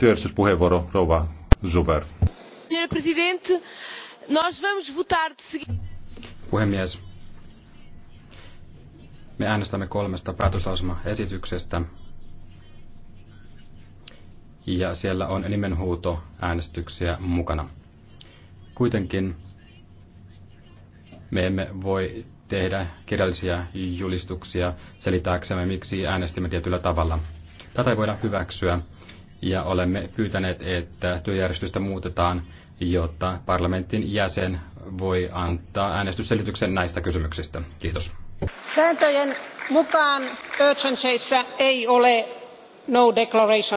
työllisyyspuheenvuoro, rouva Zuber. Puhemies, me äänestämme kolmesta päätöslausumaesityksestä. Ja siellä on nimenhuuto äänestyksiä mukana. Kuitenkin me emme voi tehdä kirjallisia julistuksia selittääksemme, miksi äänestimme tietyllä tavalla. Tätä ei voida hyväksyä ja olemme pyytäneet, että työjärjestystä muutetaan, jotta parlamentin jäsen voi antaa äänestysselityksen näistä kysymyksistä. Kiitos. Sääntöjen mukaan Urgenceissa ei ole no declaration.